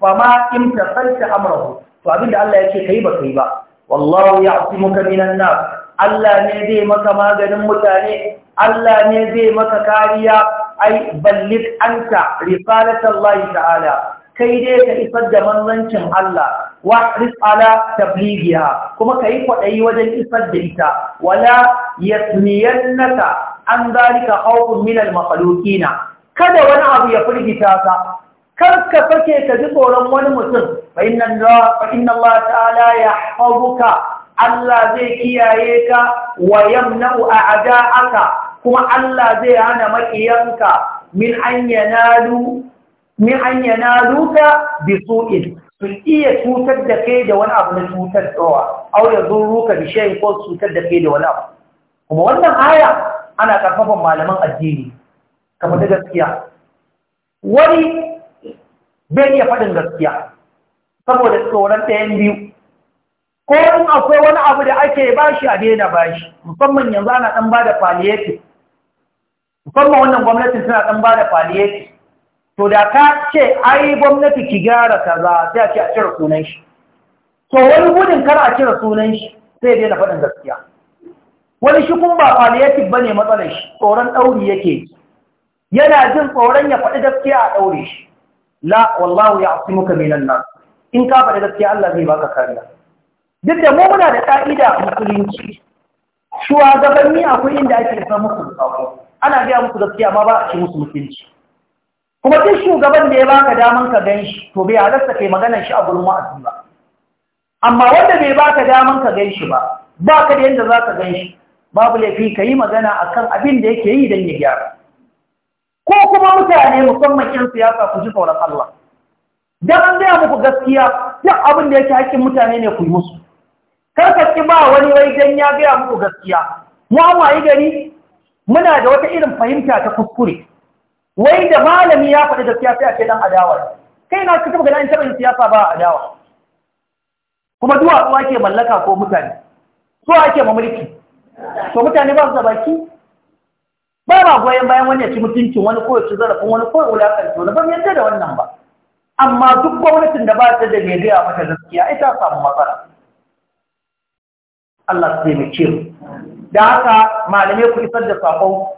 fama in tasalta amrahu to abinda Allah ka yi ba yi ba wallahu ya'timuka minan na Allah ne zai maka maganin mutane Allah ne zai maka kariya ai ballit anta risalatallahi ta'ala kai dai ka isar da manzancin Allah wa risala tabligiya kuma kai kwadayi wajen isar da ita wala yasmiyannaka an zalika khawfun minal al kada wani abu ya firgita ka kar ka sake ka ji tsoron wani mutum fa inna Allah ta'ala yahfazuka Allah zai kiyaye ka wa yamna'u a'da'aka kuma Allah zai hana makiyanka min an yanalu min an yanaluka bi su'in sun iya cutar da kai da wani abu na cutar tsawa au ya zurruka bi shay'in ko cutar da kai da wani abu kuma wannan aya ana karfafan malaman addini kamar da gaskiya wani bai iya faɗin gaskiya saboda tsoron ɗayan biyu ko in akwai wani abu da ake bashi a daina bashi musamman yanzu ana ɗan ba da faliyeti musamman wannan gwamnati suna ɗan ba da faliyeti to da ka ce ai gwamnati ki gyara kaza za a ce a cire sunan shi to wani gudun kar a cire sunan shi sai daina faɗin gaskiya wani shi kun ba faliyeti ba ne matsalar shi tsoron ɗauri yake yana jin tsoron ya faɗi gaskiya a ɗaure shi la wallahu ya'simuka minan nan. in ka faɗi gaskiya Allah zai baka kariya duk da mu muna da ka'ida a musulunci shugabanni akwai inda ake san musu sako ana biya musu gaskiya amma ba a ci musu mutunci kuma duk shugaban da ya baka daman ka gan shi to bai halarta kai magana shi a gurin wa'azi ba amma wanda bai baka daman ka ganshi ba ba ka da yadda za ka gan babu laifi ka yi magana akan abin da yake yi dan ya gyara ko kuma mutane musamman 'yan siyasa ku ji sauran Allah dan an gaya muku gaskiya duk abin da yake hakkin mutane ne ku yi musu kar ka ki ba wani wai dan ya gaya muku gaskiya mu an wayi gari muna da wata irin fahimta ta kuskure wai da malami ya faɗi gaskiya sai a ce dan adawa kai na kitabu ga an taɓa siyasa ba adawa kuma duwatsu ake mallaka ko mutane so ake mamulki to mutane ba su da baki ba goyon bayan wani ya ci mutuncin wani ko ya ci zarafin wani ko ya wulakanta wani mu yadda da wannan ba amma duk gwamnatin da ba ta da mai gaya mata gaskiya ita samu matsala Allah sai mu da haka malamai ku isar da sakon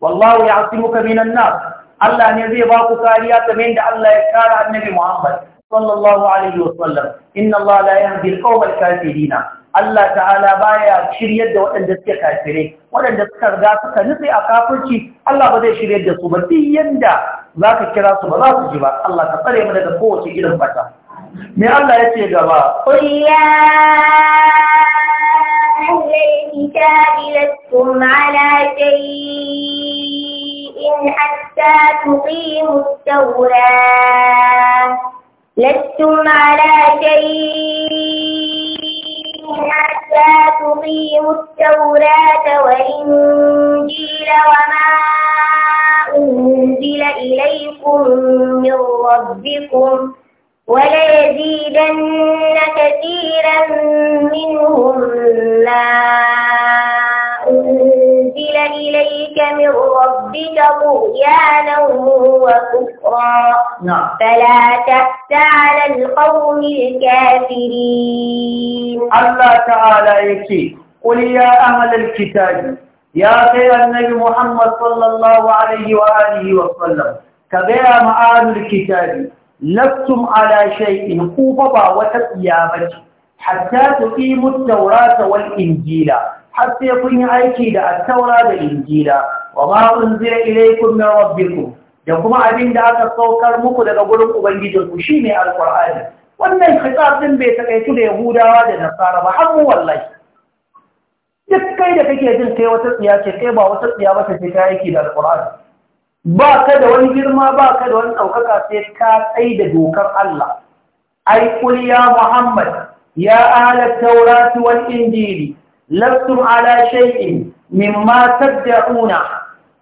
wallahu ya'simuka minan nas Allah ne zai ba ku kariya kamar yadda Allah ya kara annabi Muhammad sallallahu alaihi wa sallam. inna Allah la yahdi al-qawma al-kafirin Allah ta'ala baya shiryar da waɗanda suke kafirai waɗanda suka riga suka nutse a kafirci Allah ba zai shiryar da su ba duk yanda zaka kira su ba za su ji ba Allah ka tsare mu daga kowace gidan fata me Allah ya ce gaba qul ya ahlal kitabi lastum in hatta tuqimu at-tawrah lastum حتى تقيموا التوراة والإنجيل وما أنزل إليكم من ربكم وليزيدن كثيرا منهم ما ربك طغيانا وكفرا نعم فلا تأس على القوم الكافرين الله تعالى يكي قل يا أهل الكتاب يا خير النبي محمد صلى الله عليه وآله وسلم كبير مآل الكتاب لستم على شيء قوبة وتقيامة hatta tuqimu at-taurata wal injila har sai kun yi aiki da at-taura da injila wa ma unzila ilaykum min rabbikum da kuma abin da aka saukar muku daga gurin shi shine alqur'ani wannan khitab din bai takaitu da yahudawa da nasara ba har wallahi duk kai da kake jin kai wata tsiya ce kai ba wata tsiya ba ce ta aiki da alqur'ani ba ka da wani girma ba ka da wani ɗaukaka sai ka tsaye da dokar Allah ai kul ya Muhammad يا أهل التوراة والإنجيل لستم على شيء مما تدعون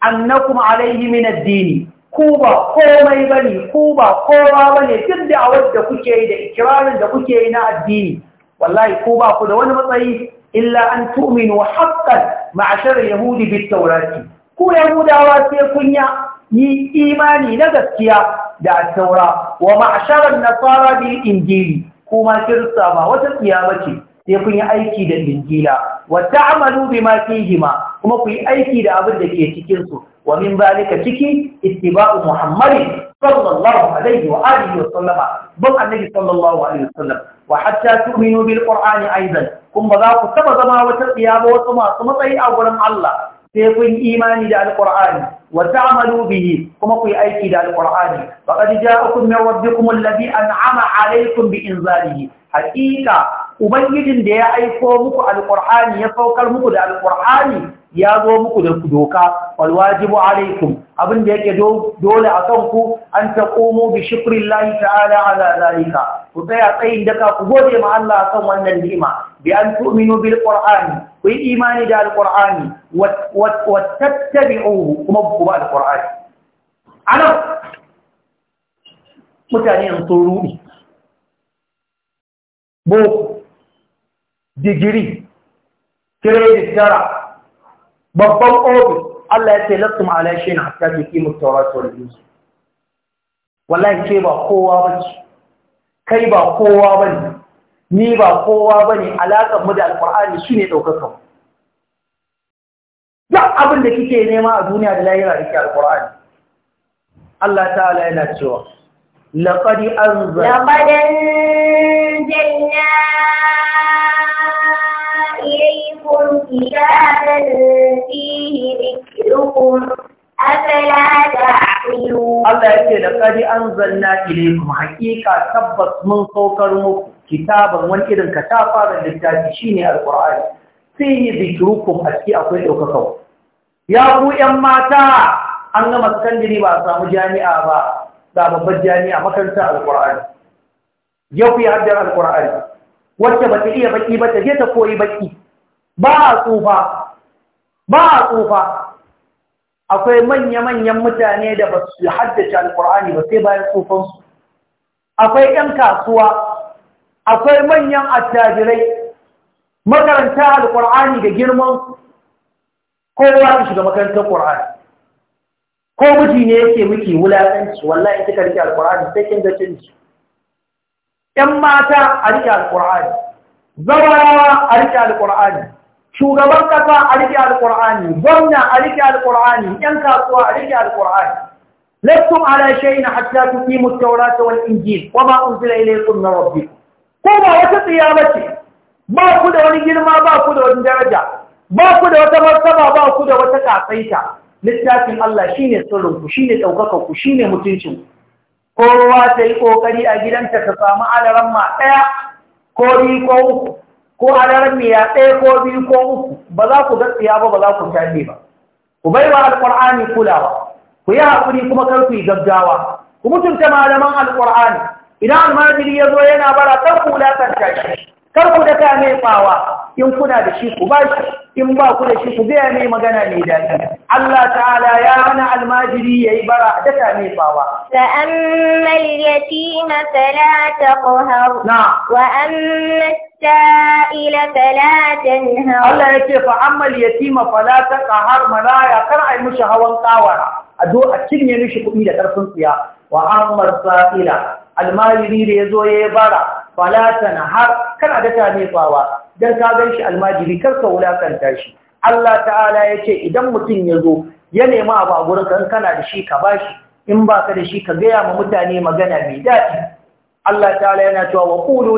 أنكم عليه من الدين كوبا قومي بني كوبا قوما بني تبدع ود كشيء إكرار كشيء الدين والله كوبا كل وانا مطعي إلا أن تؤمنوا حقا معشر اليهود بالتوراة كو يهود أواسي كنيا ni imani na gaskiya da taura wa ma'sharan nasara bil injili kuma kirista ba wata tsiya ce sai kun yi aiki da injila wa ta'malu bima fihi kuma ku yi aiki da abin da ke cikin su wa min zalika ciki ittiba'u muhammadin sallallahu alaihi wa alihi wa sallama bin annabi sallallahu alaihi wa sallam wa hatta tu'minu bil qur'ani aidan kuma ba za ku taba zama wata tsiya ba wasu masu matsayi a gurin Allah sai kun imani da Alƙur'ani, wa ta'malu bihi kuma ku yi aiki da alqur'ani faqad ja'akum min rabbikum alladhi an'ama 'alaykum bi inzalihi haqiqa ubangijin da ya aiko muku Alƙur'ani ya saukar muku da Alƙur'ani, ya zo muku da doka walwajibu alaikum abin da yake dole a kanku an taqumu bi shukrillahi ta'ala ala zalika ku tsaya tsayin daka ku gode ma Allah akan wannan ni'ima بأن تؤمنوا بالقرآن وإيمان دا القرآن وتتبعوه مبقوا القرآن أنا متاني انطروني بوك ديجري تريد الزرع بطل أوبي الله يتلقم على شيء حتى يقيم التوراة والجنس والله كيف أقوى بك كيف أقوى بك ni ba kowa ba ne mu da alƙar'ani shi ne ɗaukakan. Duk abin da kike nema a duniya da layira da ke alƙar'ani, Allah ta'ala yana cewa, Laƙari an zai. Laƙarin jina ilikun idanun ilikun Allah ya ce, Laƙari an zanna ilikun haƙiƙa tabbas mun saukar muku. kitaban wani irin da littafi shine alqur'ani fihi dhikrukum a ciki akwai daukakawa ya ku yan mata an gama sakandare ba a samu jami'a ba da babbar jami'a makaranta alqur'ani ya ku haddar alqur'ani wacce ba ta iya baƙi ba ta je ta koyi baki ba a tsufa ba a tsufa akwai manya-manyan mutane da ba su haddace alqur'ani ba sai bayan tsufansu akwai 'yan kasuwa akwai manyan attajirai makaranta alƙur'ani da girman kowa su shiga makarantar ƙur'ani ko miji ne yake miki wulaƙanci wallahi kika riƙe alƙur'ani sai kin ga cinci ƴan mata a riƙe alƙur'ani zawarawa a riƙe alƙur'ani shugaban kasa a riƙe alƙur'ani gwamna a riƙe alƙur'ani ƴan kasuwa a rike alƙur'ani لستم على شيء حتى تقيموا التوراة والإنجيل وما أنزل إليكم من ربكم ko ba wata tsiya ba ce ba ku da wani girma ba ku da wani daraja ba ku da wata martaba ba ku da wata katsaita littafin Allah shine sirrin shi ne daukakar ku ne mutuncin kowa ta yi ƙoƙari a gidanta ta samu adaran ma daya ko biyu ko uku ko adaran miya ko biyu ko uku ba za ku gaskiya ba ba za ku tabe ba ku bai wa alqur'ani kulawa ku yi haƙuri kuma kar ku yi gaggawa ku mutunta malaman Alƙur'ani. idan almajiri ya zo yana bara kar ku wulaƙanta shi kar ku daka mai fawa in kuna da shi ku ba shi in ba ku da shi ku biya mai magana mai daɗi Allah ta'ala ya hana almajiri ya yi bara daka mai fawa fa ammal ta fala taqhar wa amma sa'ila fala tanhar Allah ya yake fa ammal yatima fala taqhar maraya kar ai mishi hawan kawara a zo a cinye mishi kuɗi da ƙarfin tsiya wa amma sa'ila almajiri da ya zo ya yi bara falata na har kar a data mai don ka gan shi almajiri kar ka wulakanta shi Allah ta'ala ya ce idan mutum ya zo ya nema abu a gurin in kana da shi ka bashi in ba ka da shi ka gaya ma mutane magana mai daɗi الله تعالى يناتوا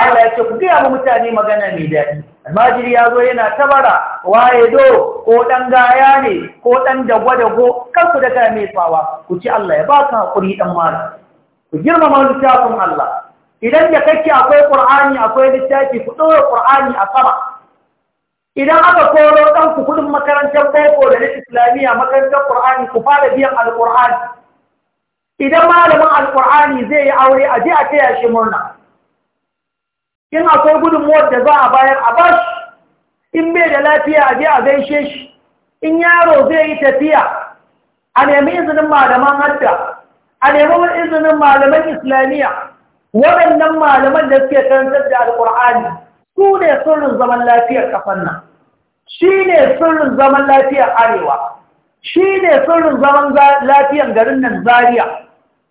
Allah ya ce ku gaya ma mutane magana mai daɗi. almajiri ya zo yana tabara waye do ko ɗan gaya ne ko ɗan dagwa-dago kar ku daga mai fawa ku ci Allah ya ba ka haƙuri ɗan mara ku girmama littafin Allah idan da kake akwai ƙur'ani akwai littafi ku ɗora ƙur'ani a sama idan aka koro ɗan ku kuɗin makarantar boko da na islamiyya makarantar ƙur'ani ku fara biyan alƙur'ani idan malamin alƙur'ani zai yi aure a je a taya shi murna in akwai gudunmuwar da za a bayar a bashi in bai da lafiya a je a gaishe shi in yaro zai yi tafiya a nemi izinin malaman hadda a nemi izinin malaman islamiyya waɗannan malaman da suke karantar da alƙur'ani su ne sirrin zaman lafiyar kafan nan shi ne sirrin zaman lafiyar arewa shi ne sirrin zaman lafiyar garin nan zaria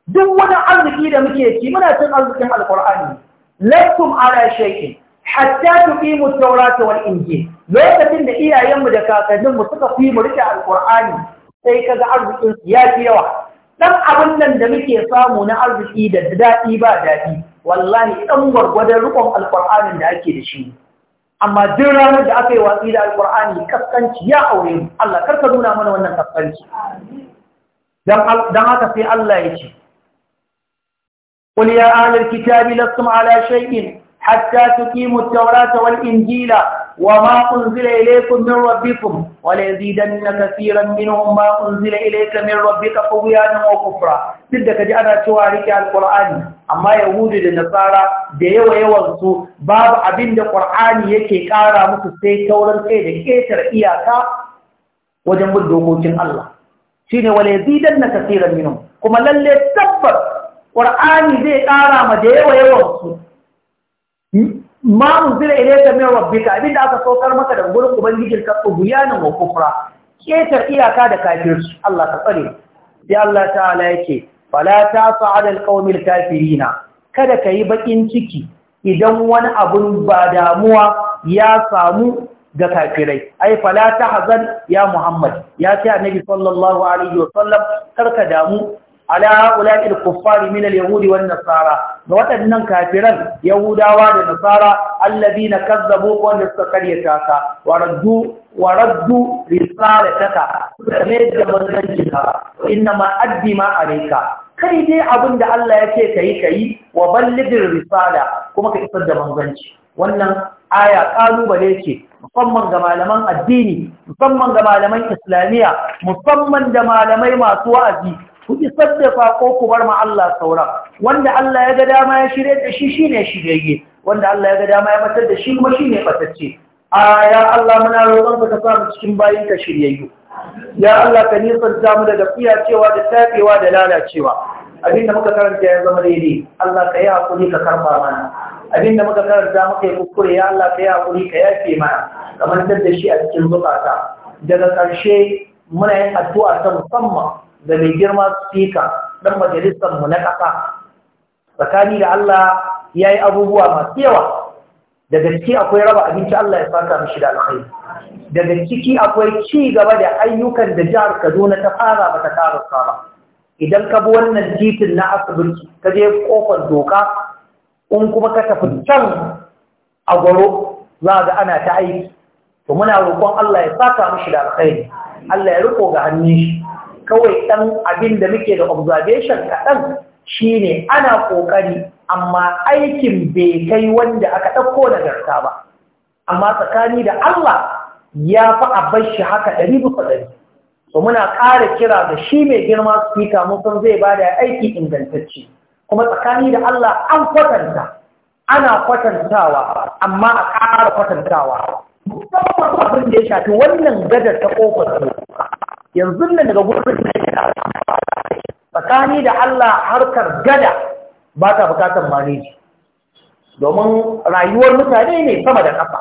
duk wani arziki da muke ci muna cin arzikin alƙur'ani lastum ala shay'in hatta tuqimu at-taurata wal injil lokacin da iyayenmu da kakanninmu suka fi mu rike alqur'ani sai kaga arzikin ya fi yawa dan abin nan da muke samu na arziki da daɗi ba daɗi wallahi ɗan gwargwadon rikon alqur'anin da ake da shi amma duk ranar da aka yi watsi da alqur'ani kaskanci ya aure mu Allah kar ka nuna mana wannan kaskanci dan haka sai Allah ya ce قل يا أهل الكتاب لستم على شيء حتى تقيموا التوراة والإنجيل وما أنزل إليكم من ربكم وليزيدن كثيرا منهم ما أنزل إليك من ربك طغيانا وكفرا ضدك جاءنا شوارك القرآن أما يهود النصارى ديو يوزو باب أبين القرآن يكي كارا مكسي تورا كيدا كيتر إياكا وجنب الدوكوشن الله شين وليزيدن كثيرا منهم كما للي تبت ƙur'ani zai ƙara ma da yawa yawan su ma munzila ilayka min rabbika abinda aka saukar maka da gurin ubangijin ka tsubuyanin wa kufra Ƙetar iyaka da kafirci Allah ka tsare sai Allah ta'ala yake fala adal alqawmil kafirina kada ka yi bakin ciki idan wani abun ba damuwa ya samu ga kafirai ai fala tahzan ya muhammad ya ce annabi sallallahu alaihi wasallam karka damu ala al-kuffari min al-yahudi wan nasara da waɗannan kafiran yahudawa da nasara alladina kazzabu wanda suka karyata ka waraddu waraddu risalataka suka mai da manzanci ka inna ma addi ma alayka kai dai abinda da Allah ya ce kai kai wa balligir risala kuma ka isar da manzanci wannan aya kalubale ce musamman ga malaman addini musamman ga malaman islamiyya musamman da malamai masu wa'azi ku isar da sako ku bar ma Allah sauran wanda Allah ya ga dama ya shirye da shi shine shiryayye wanda Allah ya ga dama ya batar da shi kuma shine batacce a ya Allah muna roƙon ka sa mu cikin bayin ka shiryayyu ya Allah ka nisanta mu daga cewa da tafewa da lalacewa abinda muka karanta ya zama daidai Allah ka yi hakuri ka karba mana abinda muka karanta muka yi kuskure ya Allah ka yi hakuri ka yafe mana kamar da shi a cikin zukata daga ƙarshe muna yin addu'a ta musamman da mai girma sika ɗan majalisar mu na ƙasa tsakani da Allah ya yi abubuwa masu yawa daga ciki akwai raba abinci Allah ya fata mishi da alkhairi daga ciki akwai ci gaba da ayyukan da jihar Kaduna ta fara ba ta karasa ba idan ka bi wannan titin na asibiti ka je kofar doka in kuma ka tafi can a gwaro za ga ana ta aiki to muna roƙon Allah ya saka mishi da alkhairi Allah ya riko ga hannun shi kawai ɗan abin da muke da observation kaɗan shi ne ana ƙoƙari amma aikin bai kai wanda aka ɗauko nagarta ba amma tsakani da Allah ya fi a bar shi haka ɗari bisa ɗari so muna ƙara kira da shi mai girma speaker mun san zai ba da aiki ingantacce kuma tsakani da Allah an kwatanta ana kwatantawa amma a ƙara kwatantawa musamman abin da ya shafi wannan gadar ta ƙofar yanzu nan daga gurbin da yake tsakani da Allah harkar gada ba ta bukatar maneji domin rayuwar mutane ne sama da ƙasa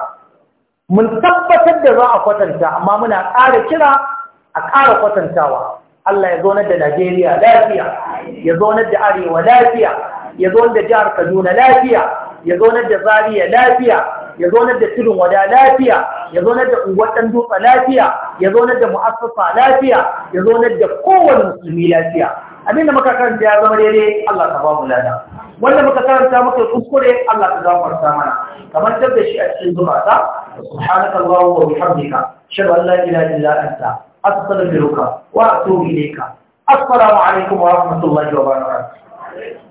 mun tabbatar da za a kwatanta amma muna ƙara kira a ƙara kwatantawa Allah ya zonar da Najeriya lafiya ya zonar da Arewa lafiya ya zonar da jihar Kaduna lafiya ya zonar da Zaria lafiya ya zaunar da tudun wada lafiya ya zaunar da unguwar ɗan dutse lafiya ya zaunar da mu'assasa lafiya ya zaunar da kowane musulmi lafiya abinda muka karanta ya zama daidai Allah ta ba mu lada wanda muka karanta muka kuskure Allah ta gafarta mana kamar tabda shi a cikin zumata subhanaka allahumma wa bihamdika shalla la ilaha illa anta astaghfiruka wa atubu ilayka assalamu alaikum wa rahmatullahi wa barakatuh